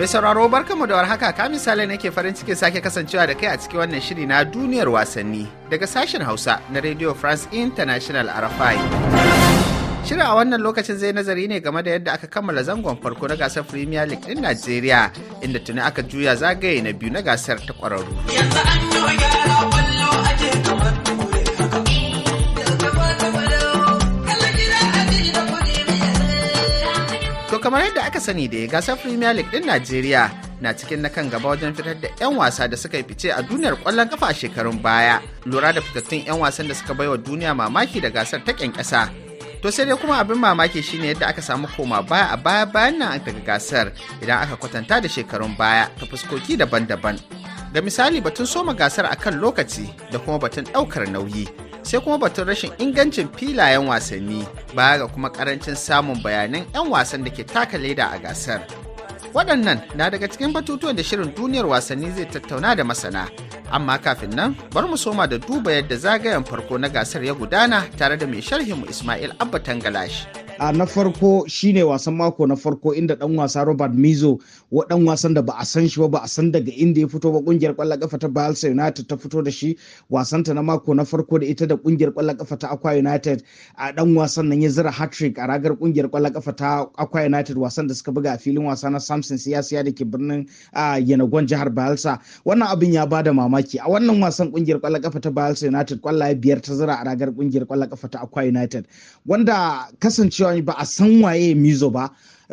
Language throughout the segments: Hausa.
Mai sauraro barkanmu da warhaka ka misali nake farin cikin sake kasancewa da kai a cikin wannan shiri na duniyar wasanni daga sashen Hausa na Radio France International RFI. Shirin a wannan lokacin zai nazari ne game da yadda aka kammala zangon farko na gasar Premier League ɗin Najeriya inda tuni aka juya zagaye na biyu na gasar ta kwararru. kamar yadda aka sani da gasar Premier League din Najeriya na cikin na kan gaba wajen fitar da 'yan wasa da suka yi fice a duniyar kwallon kafa a shekarun baya. Lura da fitattun 'yan wasan da suka baiwa duniya mamaki da gasar ta kyankyasa. To sai dai kuma abin mamaki shine yadda aka samu koma baya a baya bayan nan daga gasar idan aka kwatanta da shekarun baya ta fuskoki daban-daban. Ga misali batun soma gasar a kan lokaci da kuma batun ɗaukar nauyi. sai kuma batun rashin ingancin filayen wasanni baya ga kuma karancin samun bayanan 'yan wasan da ke taka leda a gasar waɗannan na daga cikin batutuwan da shirin duniyar wasanni zai tattauna da masana amma kafin nan bar mu soma da duba yadda zagayen farko na gasar ya gudana tare da mai sharhinmu ismail abba tangalashi a na farko shine wasan mako na farko inda dan wasa robert mizo wa dan wasan da ba a san shi ba ba a san daga inda ya fito ba kungiyar kwallon kafa ta Barca united ta fito da shi wasanta na mako na farko da ita da kungiyar kwallon kafa ta aqua united a dan wasan nan ya zira hat-trick a ragar kungiyar kwallon kafa ta aqua united wasan da suka buga a filin wasa na samson siyasiya da ke birnin yanagon jihar bayelsa wannan abin ya bada mamaki a wannan wasan kungiyar kwallon kafa ta bayelsa united kwallaye biyar ta zira a ragar kungiyar kwallon kafa ta aqua united wanda kasancewa mutane ba a san waye mizo ba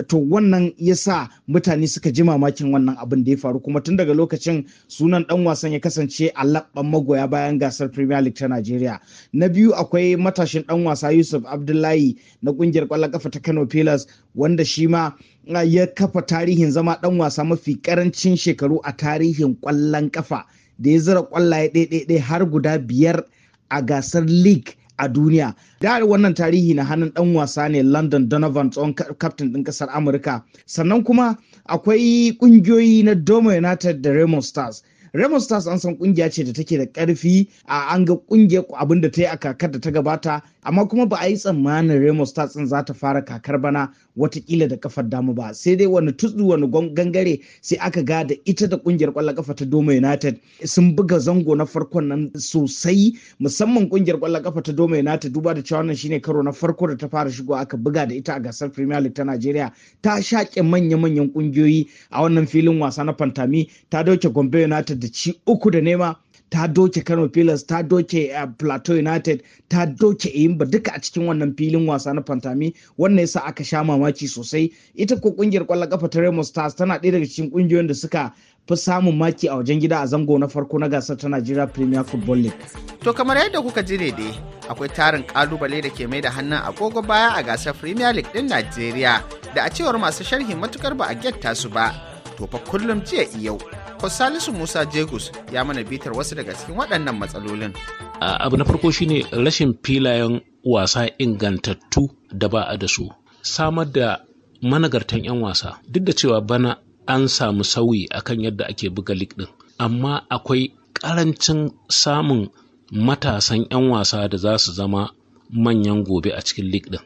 to wannan ya sa mutane suka ji mamakin wannan abin da ya faru kuma tun daga lokacin sunan dan wasan ya kasance a labban magoya bayan gasar premier league ta nigeria na biyu akwai matashin dan wasa yusuf abdullahi na kungiyar kwallon kafa ta kano pillars wanda shi ma ah, ya kafa tarihin zama dan wasa mafi karancin shekaru a tarihin kwallon kafa da ya zira kwallaye ɗaiɗaiɗai har guda biyar a gasar league a duniya da wannan tarihi na hannun ɗan wasa ne london donovan tsohon kaftin din kasar amurka sannan kuma akwai ƙungiyoyi na domo united da raymond stars Remo Stars an san kungiya ce da take da karfi a an ga kungiyar abin da ta yi a kakar da ta gabata amma kuma ba a yi tsammanin Remo Stars din za ta fara kakar bana watakila da kafar damu ba sai dai wani tutsu wani gangare sai aka ga da ita da kungiyar kwallon kafa ta Doma United sun buga zango na farkon nan sosai musamman kungiyar kwallon kafa ta Doma United duba da cewa wannan shine karo na farko da ta fara shigo aka buga da ita a gasar Premier League ta Najeriya ta shaƙe manya-manyan kungiyoyi a wannan filin wasa na Fantami ta dauke Gombe United da ci uku da nema ta doke kano pillars ta doke eh, plateau united ta doke ba duka a cikin wannan filin wasa na fantami wannan yasa aka sha mamaki sosai ita ko kungiyar kwallo kafa ta remo stars tana ɗaya daga cikin kungiyoyin da suka fi samun maki a wajen gida a zango na farko na gasar ta Najeriya Premier Football League. To kamar yadda kuka ji ne dai akwai tarin kalubale da ke mai da hannun agogo baya a gasar Premier League din Najeriya da a cewar masu sharhi matukar ba a getta su ba. To fa kullum jiya yau Salisu Musa Jegus ya mana bitar wasu daga cikin waɗannan matsalolin. Abu na farko shine rashin filayen wasa ingantattu da ba a da su. Samar da managartan 'yan wasa duk da cewa bana an samu sauyi akan yadda ake buga lig ɗin, amma akwai ƙarancin samun matasan 'yan wasa da za su zama manyan gobe a cikin lig ɗin.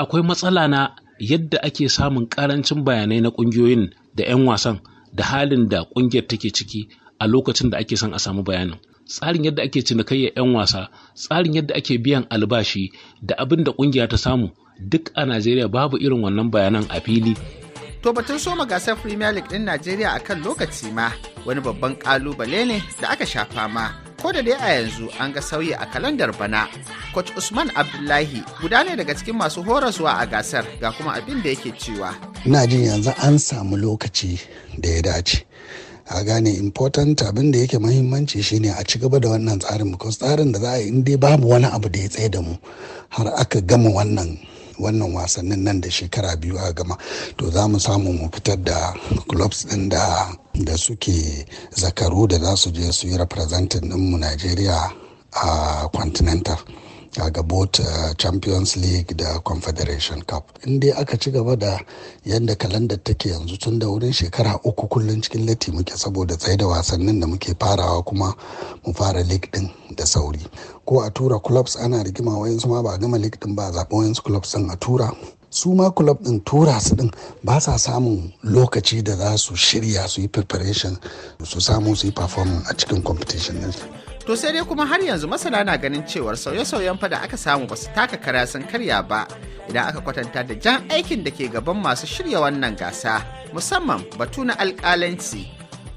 Akwai matsala na yadda ake samun ƙarancin bayanai na ƙungiyoyin da 'yan wasan da halin da ƙungiyar take ciki a lokacin da ake son a samu bayanin tsarin yadda ake cinikayya 'yan wasa tsarin yadda ake biyan albashi da abin da ƙungiya ta samu duk a najeriya babu irin wannan bayanan a fili to batun soma gasar premier league din najeriya akan lokaci ma wani babban ƙalubale ne da aka shafa ma ko da dai a yanzu an ga sauyi a kalandar bana coach usman abdullahi guda ne daga cikin masu horaswa a gasar ga kuma abin da yake cewa ina jin yanzu an samu lokaci da ya dace a gane important abin da yake mahimmanci shine a ci gaba da wannan tsarin because tsarin da za a yi in dai babu wani abu da ya tsaye da mu har aka gama wannan wannan wasannin nan da shekara biyu a gama to za mu samu mu fitar da clubs din da da suke zakaru da za su je su yi representing ɗinmu Najeriya a continental ga both uh, champions league da confederation cup in dai aka ci gaba da yadda kalandar take yanzu tun da wurin shekara uku kullum cikin lati muke saboda tsaye da wasannin da muke farawa kuma mu fara league din da sauri ko a tura clubs ana rigima wayansu ma ba gama league din ba zaɓi wayansu clubs din a tura su ma club din tura su din ba sa samun lokaci da za su shirya su yi preparation su samu su yi performance a cikin competition din to sai dai kuma har yanzu masana na ganin cewar sauye-sauyen fa da aka samu ba su taka kara sun karya ba idan aka kwatanta da jan aikin da ke gaban masu shirya wannan gasa musamman batu na alkalanci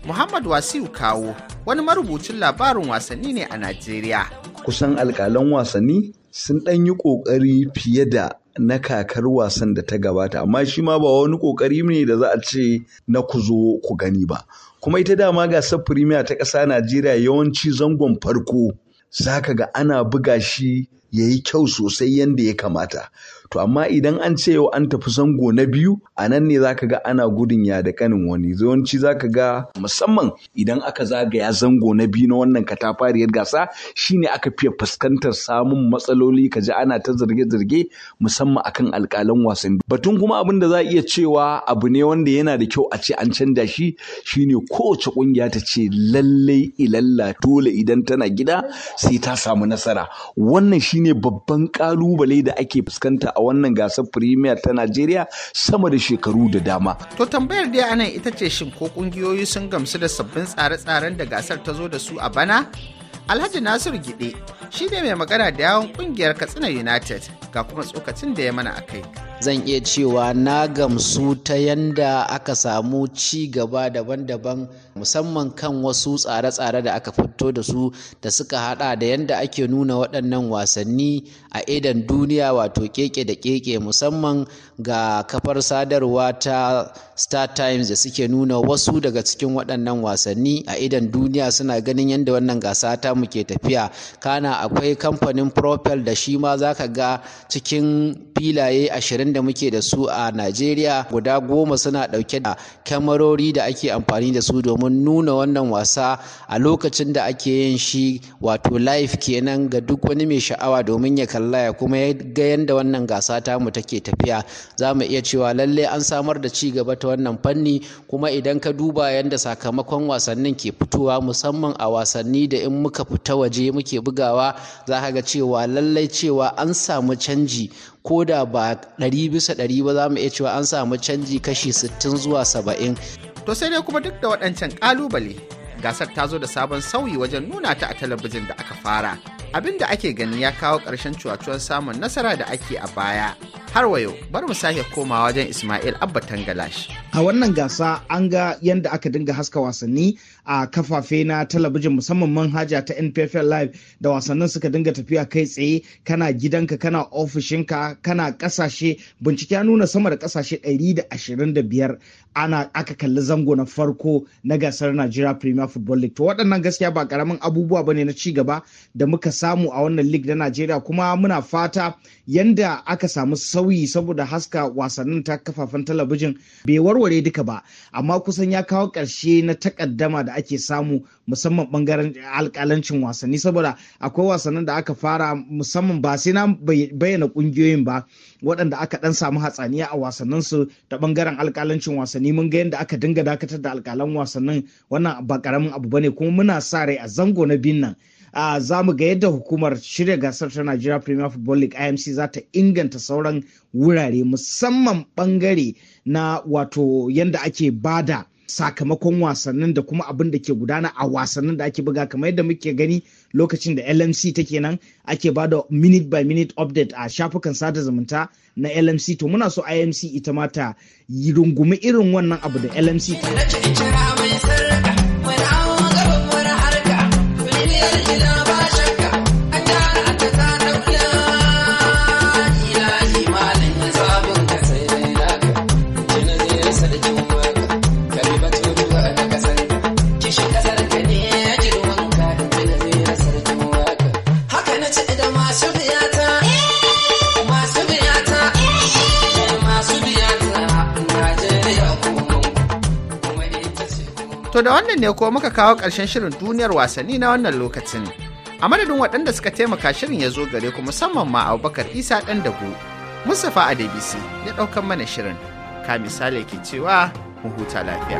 muhammad wasiu kawo wani marubucin labarin wasanni ne a najeriya kusan alkalan wasanni sun ɗan yi ƙoƙari fiye da na kakar wasan da ta gabata amma shi ma ba wani kokari ne da za a ce na ku zo ku gani ba kuma ita dama gasar firimiya ta ƙasa najeriya yawanci zangon farko zaka ga ana buga shi ya yi kyau sosai yadda ya kamata To amma idan an ce yau an tafi zango na biyu a nan ne za ka ga ana gudun ya da kanin wani yawanci ka ga musamman idan aka zagaya zango na biyu na wannan katafariyar gasa shine aka fiye fuskantar samun matsaloli ka ji ana ta zarge-zarge musamman akan alƙalan wasan. Batun kuma abin da za a iya cewa abu ne wanda yana da kyau a ce an canja shi shine kowace ƙungiya ta ce lallai ilalla dole idan tana gida sai ta samu nasara. Wannan shine babban kalubale da ake fuskanta a wannan gasar Premier ta Najeriya sama da shekaru da dama. To tambayar dai anan ita ce shin ko kungiyoyi sun gamsu da sabbin tsare-tsaren da gasar ta zo da su a bana? Alhaji Nasiru Gide shi ne mai magana da yawon kungiyar Katsina United ga kuma tsokacin da ya mana a kai. zan iya cewa na gamsu ta yanda aka samu ci gaba daban-daban musamman kan wasu tsare-tsare da aka fito da su da suka hada da yanda ake nuna waɗannan wasanni a idan duniya wato keke da keke musamman ga kafar sadarwa ta star times da suke nuna wasu daga cikin waɗannan wasanni a idan duniya suna ganin yanda wannan gasa ta muke tafiya kana akwai kamfanin propel da shi ma za ka ga cikin filaye ashirin da muke da su a Najeriya guda goma suna ɗauke da kyamarori da ake amfani da su domin nuna wannan wasa a lokacin da ake yin shi wato live kenan ga duk wani mai sha'awa domin ya kalla ya kuma ya ga yadda wannan gasa ta mu take tafiya za mu iya cewa lalle an samar da ci gaba ta wannan fanni kuma idan ka duba yadda sakamakon wasannin ke fitowa musamman a wasanni da in muka fita waje muke bugawa za ka ga cewa lallai cewa an samu canji ko da ba ɗari bisa ɗari ba za mu iya cewa an samu canji kashi sittin zuwa saba'in. To sai dai kuma duk da waɗancan ƙalubale gasar ta zo da sabon sauyi wajen nuna ta a talabijin da aka fara abin da ake gani ya kawo ƙarshen cuwacuwan samun nasara da ake a baya har wayo bari mu sake komawa wajen Ismail Abba Tangalash. A wannan gasa an ga yadda aka dinga haska wasanni a kafafe na talabijin musamman manhaja ta NPFL Live da wasannin suka dinga tafiya kai tsaye kana gidanka kana ofishinka kana kasashe bincike ya nuna sama da kasashe 125 ana aka kalli zango na farko na gasar Najeriya Premier Football League. To waɗannan gaskiya ba karamin abubuwa bane na ci gaba da muka samu a wannan league na Najeriya kuma muna fata yanda aka samu sau sauyi saboda haska wasannin ta kafafen talabijin bai warware duka ba amma kusan ya kawo ƙarshe na takaddama da ake samu musamman bangaren alƙalancin wasanni saboda akwai wasannin da aka fara musamman ba sai na bayyana ƙungiyoyin ba waɗanda aka ɗan samu hatsaniya a wasannin su da bangaren alƙalancin wasanni mun ga yadda aka dinga dakatar da alƙalan wasannin wannan ba ƙaramin abu bane kuma muna sa rai a zango na biyun nan uh, za mu ga yadda hukumar shirya gasar ta Nigeria Premier Football League IMC za ta inganta sauran wurare musamman bangare na wato yadda ake bada sakamakon wasannin da kuma abin da ke gudana a wasannin da ake buga kamar yadda muke gani lokacin da lmc take nan ake ba da minute by minute update a shafukan sada zumunta na lmc to muna so imc ita ma ta rungumi irin wannan abu da lmc ta da wannan ne ko muka kawo ƙarshen shirin duniyar wasanni na wannan lokacin. A madadin waɗanda suka taimaka shirin ya zo gare ku musamman ma Abubakar Isa ɗan dago. Mustapha Adebisi ya ɗaukan mana shirin. Ka misali ke cewa mu huta lafiya.